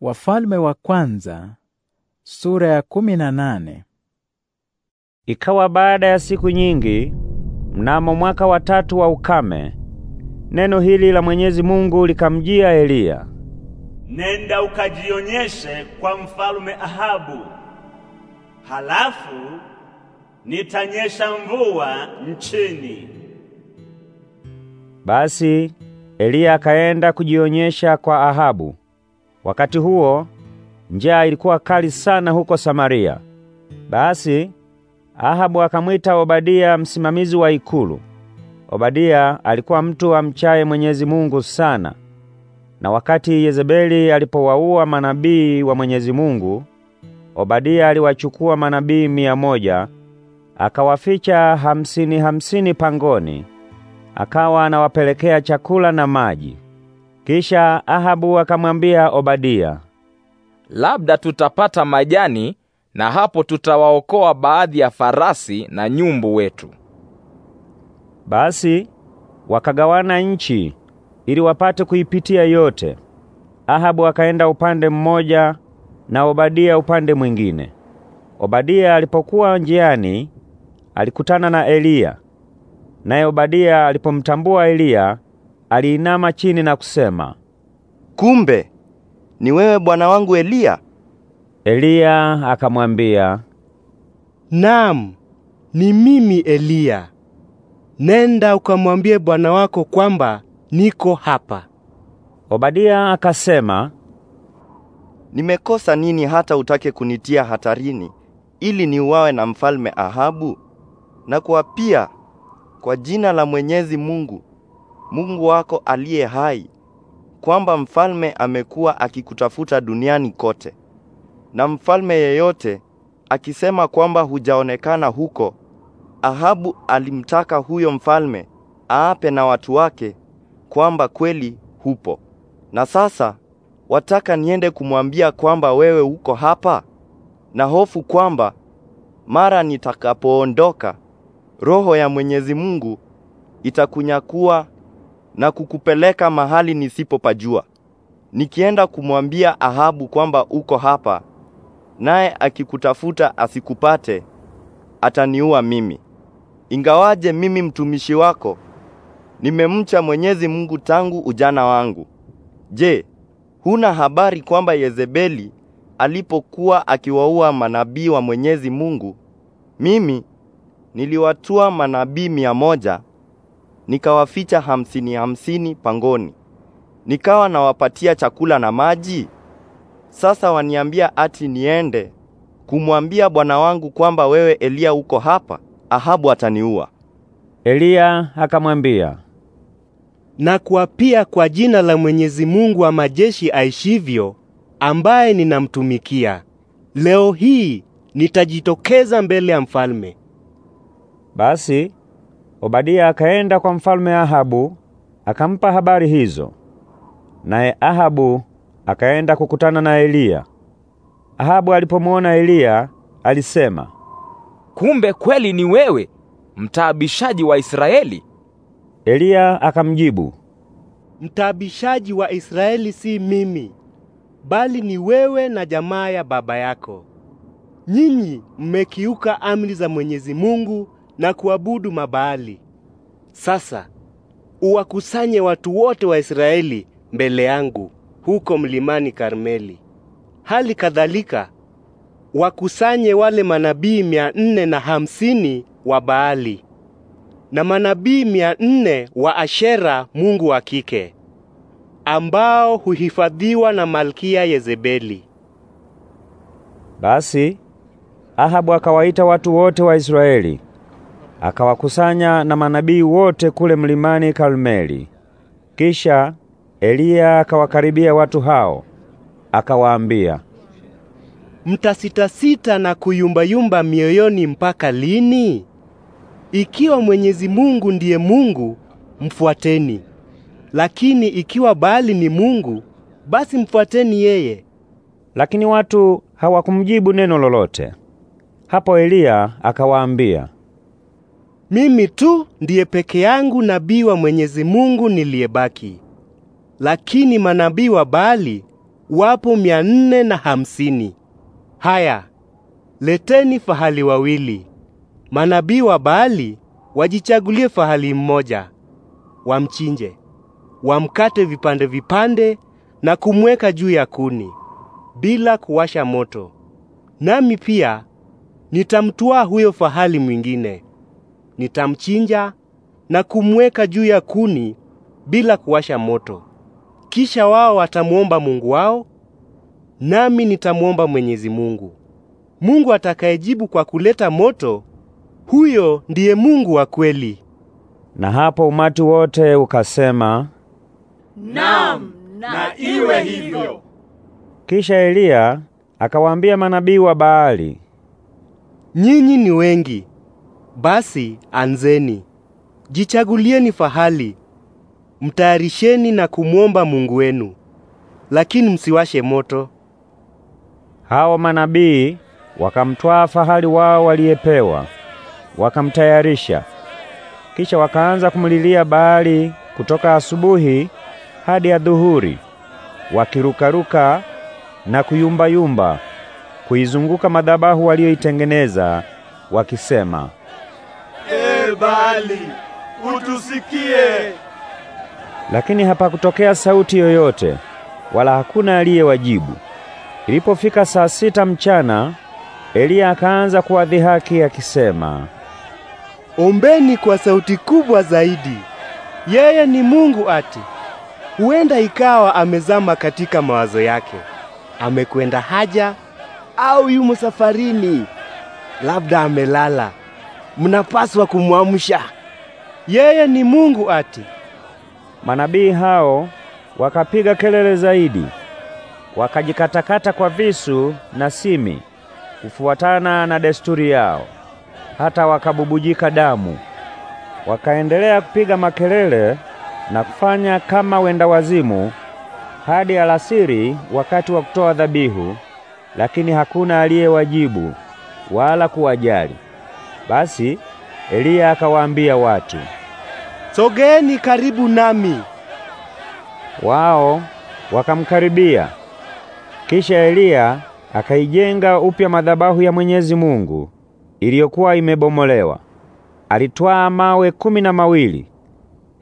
Wafalme wa kwanza sura ya kumi na nane. Ikawa baada ya siku nyingi, mnamo mwaka wa tatu wa ukame, neno hili la Mwenyezi Mungu likamjia Eliya, nenda ukajionyeshe kwa mfalme Ahabu, halafu nitanyesha mvua nchini. Basi Eliya akaenda kujionyesha kwa Ahabu. Wakati huo njaa ilikuwa kali sana huko Samaria. Basi Ahabu akamwita Obadia, msimamizi wa ikulu. Obadia alikuwa mtu mchaye Mwenyezi Mungu sana, na wakati Yezebeli alipowaua manabii wa Mwenyezi Mungu, Obadia aliwachukua manabii mia moja akawaficha hamsini hamsini pangoni, akawa anawapelekea chakula na maji. Kisha Ahabu akamwambia Obadia, labda tutapata majani na hapo tutawaokoa baadhi ya farasi na nyumbu wetu. Basi wakagawana nchi ili wapate kuipitia yote. Ahabu akaenda upande mmoja na Obadia upande mwingine. Obadia alipokuwa njiani alikutana na Eliya, naye Obadia alipomtambua Eliya aliinama chini na kusema, kumbe ni wewe bwana wangu Eliya? Eliya akamwambia, naam, ni mimi Eliya. Nenda ukamwambie bwana wako kwamba niko hapa. Obadia akasema, nimekosa nini hata utake kunitia hatarini ili niuawe na mfalme Ahabu? Na kwa pia kwa jina la Mwenyezi Mungu Mungu wako aliye hai, kwamba mfalme amekuwa akikutafuta duniani kote. Na mfalme yeyote akisema kwamba hujaonekana huko, Ahabu alimtaka huyo mfalme aape na watu wake kwamba kweli hupo. Na sasa wataka niende kumwambia kwamba wewe uko hapa? Na hofu kwamba mara nitakapoondoka roho ya Mwenyezi Mungu itakunyakua na kukupeleka mahali nisipopajua. Nikienda kumwambia Ahabu kwamba uko hapa, naye akikutafuta asikupate, ataniua mimi. Ingawaje mimi mtumishi wako nimemcha Mwenyezi Mungu tangu ujana wangu. Je, huna habari kwamba Yezebeli alipokuwa akiwaua manabii wa Mwenyezi Mungu, mimi niliwatua manabii mia moja nikawaficha hamsini hamsini pangoni. Nikawa nawapatia chakula na maji. Sasa waniambia ati niende kumwambia bwana wangu kwamba wewe Eliya uko hapa, Ahabu ataniua. Eliya akamwambia, nakuapia kwa jina la Mwenyezi Mungu wa majeshi aishivyo, ambaye ninamtumikia, leo hii nitajitokeza mbele ya mfalme. Basi Obadia akaenda kwa mfalme Ahabu akampa habari hizo, naye Ahabu akaenda kukutana na Eliya. Ahabu alipomwona Eliya alisema, kumbe kweli ni wewe mtaabishaji wa Israeli? Eliya akamjibu, mtaabishaji wa Israeli si mimi, bali ni wewe na jamaa ya baba yako. Nyinyi mmekiuka amri za Mwenyezi Mungu na kuabudu mabaali. Sasa uwakusanye watu wote wa Israeli mbele yangu huko mlimani Karmeli. Hali kadhalika wakusanye wale manabii mia nne na hamsini wa Baali na manabii mia nne wa Ashera mungu wa kike ambao huhifadhiwa na Malkia Yezebeli. Basi Ahabu akawaita watu wote wa Israeli akawakusanya na manabii wote kule mlimani Karmeli. Kisha Eliya akawakaribia watu hao, akawaambia, mtasitasita na kuyumbayumba mioyoni mpaka lini? Ikiwa Mwenyezi Mungu ndiye Mungu, mfuateni. Lakini ikiwa Baali ni Mungu, basi mfuateni yeye. Lakini watu hawakumjibu neno lolote. Hapo Eliya akawaambia, mimi tu ndiye peke yangu nabii wa Mwenyezi Mungu niliyebaki, lakini manabii wa Baali wapo mia nne na hamsini. Haya, leteni fahali wawili, manabii wa Baali wajichagulie fahali mmoja, wamchinje, wamkate vipande vipande na kumweka juu ya kuni bila kuwasha moto. Nami pia nitamtwaa huyo fahali mwingine nitamchinja na kumweka juu ya kuni bila kuwasha moto. Kisha wao watamwomba Mungu wao, nami nitamwomba Mwenyezi Mungu. Mungu atakayejibu kwa kuleta moto, huyo ndiye Mungu wa kweli. Na hapo umati wote ukasema, Naam, na iwe hivyo. Kisha Eliya akawaambia manabii wa Baali, Nyinyi ni wengi basi anzeni, jichagulieni fahali, mtayarisheni na kumwomba Mungu wenu, lakini msiwashe moto. Hao manabii wakamtwaa fahali wao waliyepewa, wakamtayarisha, kisha wakaanza kumlilia Baali kutoka asubuhi hadi adhuhuri, wakirukaruka na kuyumbayumba kuizunguka madhabahu waliyoitengeneza wakisema bali utusikie. Lakini hapakutokea sauti yoyote, wala hakuna aliyewajibu. Ilipofika saa sita mchana, Eliya akaanza kuwadhihaki akisema, ombeni kwa sauti kubwa zaidi. Yeye ni Mungu ati, huenda ikawa amezama katika mawazo yake, amekwenda haja au yumo safarini, labda amelala mnapaswa kumwamsha. Yeye ni Mungu ati. Manabii hao wakapiga kelele zaidi, wakajikatakata kwa visu na simi kufuatana na desturi yao, hata wakabubujika damu. Wakaendelea kupiga makelele na kufanya kama wenda wazimu hadi alasiri, wakati wa kutoa dhabihu, lakini hakuna aliyewajibu wala kuwajali. Basi Eliya akawaambia watu, sogeni karibu nami. Wao wakamkaribia. Kisha Eliya akaijenga upya madhabahu ya Mwenyezi Mungu iliyokuwa imebomolewa. Alitwaa mawe kumi na mawili,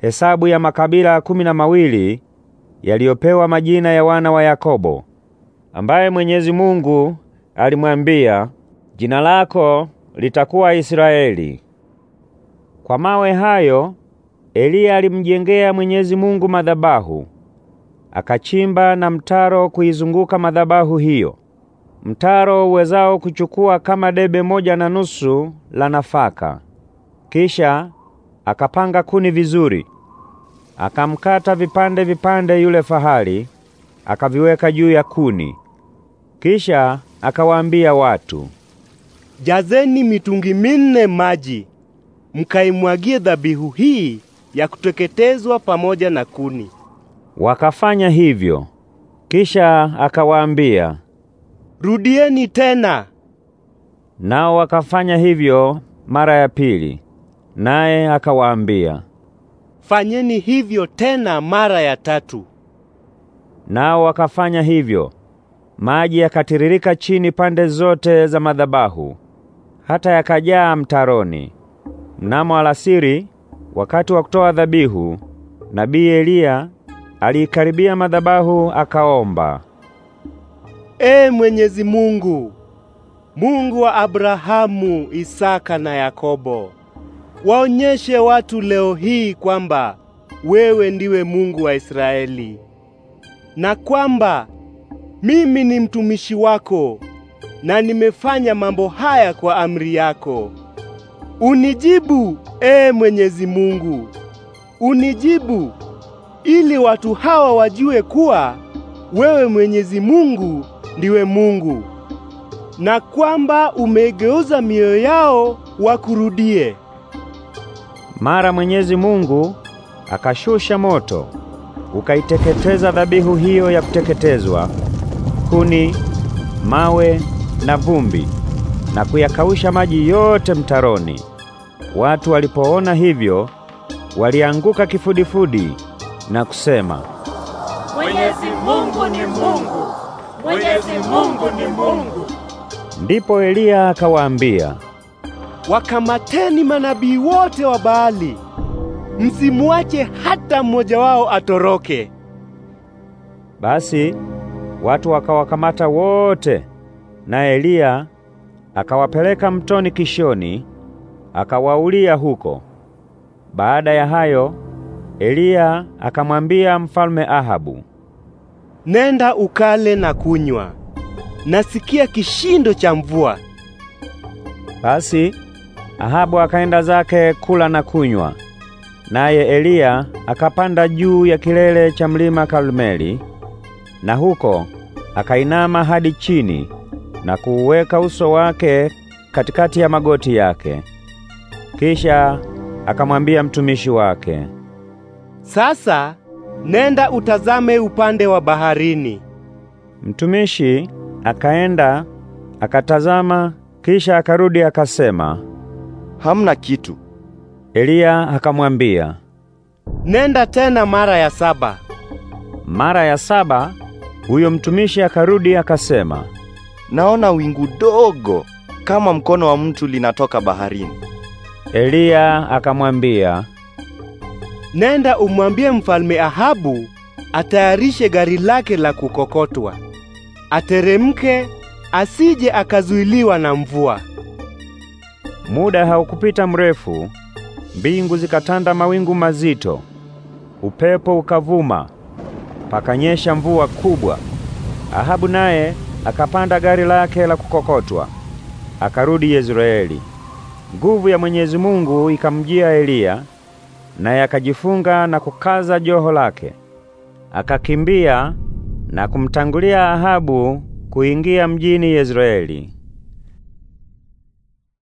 hesabu ya makabila kumi na mawili yaliyopewa majina ya wana wa Yakobo, ambaye Mwenyezi Mungu alimwambia, jina lako litakuwa Israeli. Kwa mawe hayo Eliya alimjengea Mwenyezi Mungu madhabahu. Akachimba na mtaro kuizunguka madhabahu hiyo, mtaro uwezao kuchukua kama debe moja na nusu la nafaka. Kisha akapanga kuni vizuri, akamkata vipande vipande yule fahali, akaviweka juu ya kuni. Kisha akawaambia watu jazeni mitungi minne maji, mkaimwagie dhabihu hii ya kuteketezwa pamoja na kuni. Wakafanya hivyo. Kisha akawaambia, rudieni tena. Nao wakafanya hivyo mara ya pili, naye akawaambia, fanyeni hivyo tena mara ya tatu. Nao wakafanya hivyo. Maji yakatiririka chini pande zote za madhabahu hata yakajaa mtaroni. Mnamo alasiri, wakati wa kutoa dhabihu, nabii Eliya aliikaribia madhabahu akaomba, E Mwenyezi Mungu, Mungu wa Abrahamu, Isaka na Yakobo, waonyeshe watu leo hii kwamba wewe ndiwe Mungu wa Israeli na kwamba mimi ni mtumishi wako na nimefanya mambo haya kwa amri yako. Unijibu, ee Mwenyezi Mungu, unijibu ili watu hawa wajue kuwa wewe Mwenyezi Mungu ndiwe Mungu na kwamba umeigeuza mioyo yao wakurudie. Mara Mwenyezi Mungu akashusha moto ukaiteketeza dhabihu hiyo ya kuteketezwa, kuni, mawe na vumbi na kuyakausha maji yote mtaroni. Watu walipoona hivyo, walianguka kifudifudi na kusema, Mwenyezi Mungu ni Mungu, Mwenyezi Mungu ni Mungu. Ndipo Eliya akawaambia, wakamateni manabii wote wa Baali, msimuache hata mmoja wao atoroke. Basi watu wakawakamata wote naye Eliya akawapeleka mtoni Kishoni akawaulia huko. Baada ya hayo, Eliya akamwambia mfalme Ahabu, nenda ukale na kunywa, nasikia kishindo cha mvua. Basi Ahabu akaenda zake kula na kunywa, naye Eliya akapanda juu ya kilele cha mlima Karmeli, na huko akainama hadi chini na kuuweka uso wake katikati ya magoti yake. Kisha akamwambia mtumishi wake, sasa nenda utazame upande wa baharini. Mtumishi akaenda akatazama, kisha akarudi akasema, hamna kitu. Eliya akamwambia, nenda tena mara ya saba. Mara ya saba huyo mtumishi akarudi akasema naona wingu dogo kama mkono wa mtu linatoka baharini. Eliya akamwambia, nenda umwambie mfalme Ahabu atayarishe gari lake la kukokotwa, ateremke, asije akazuiliwa na mvua. Muda haukupita mrefu, mbingu zikatanda mawingu mazito, upepo ukavuma, pakanyesha mvua kubwa. Ahabu naye akapanda gari lake la kukokotwa akarudi Yezreeli. Nguvu ya Mwenyezi Mungu ikamjia Eliya, naye akajifunga na kukaza joho lake, akakimbia na kumtangulia Ahabu kuingia mjini Yezreeli.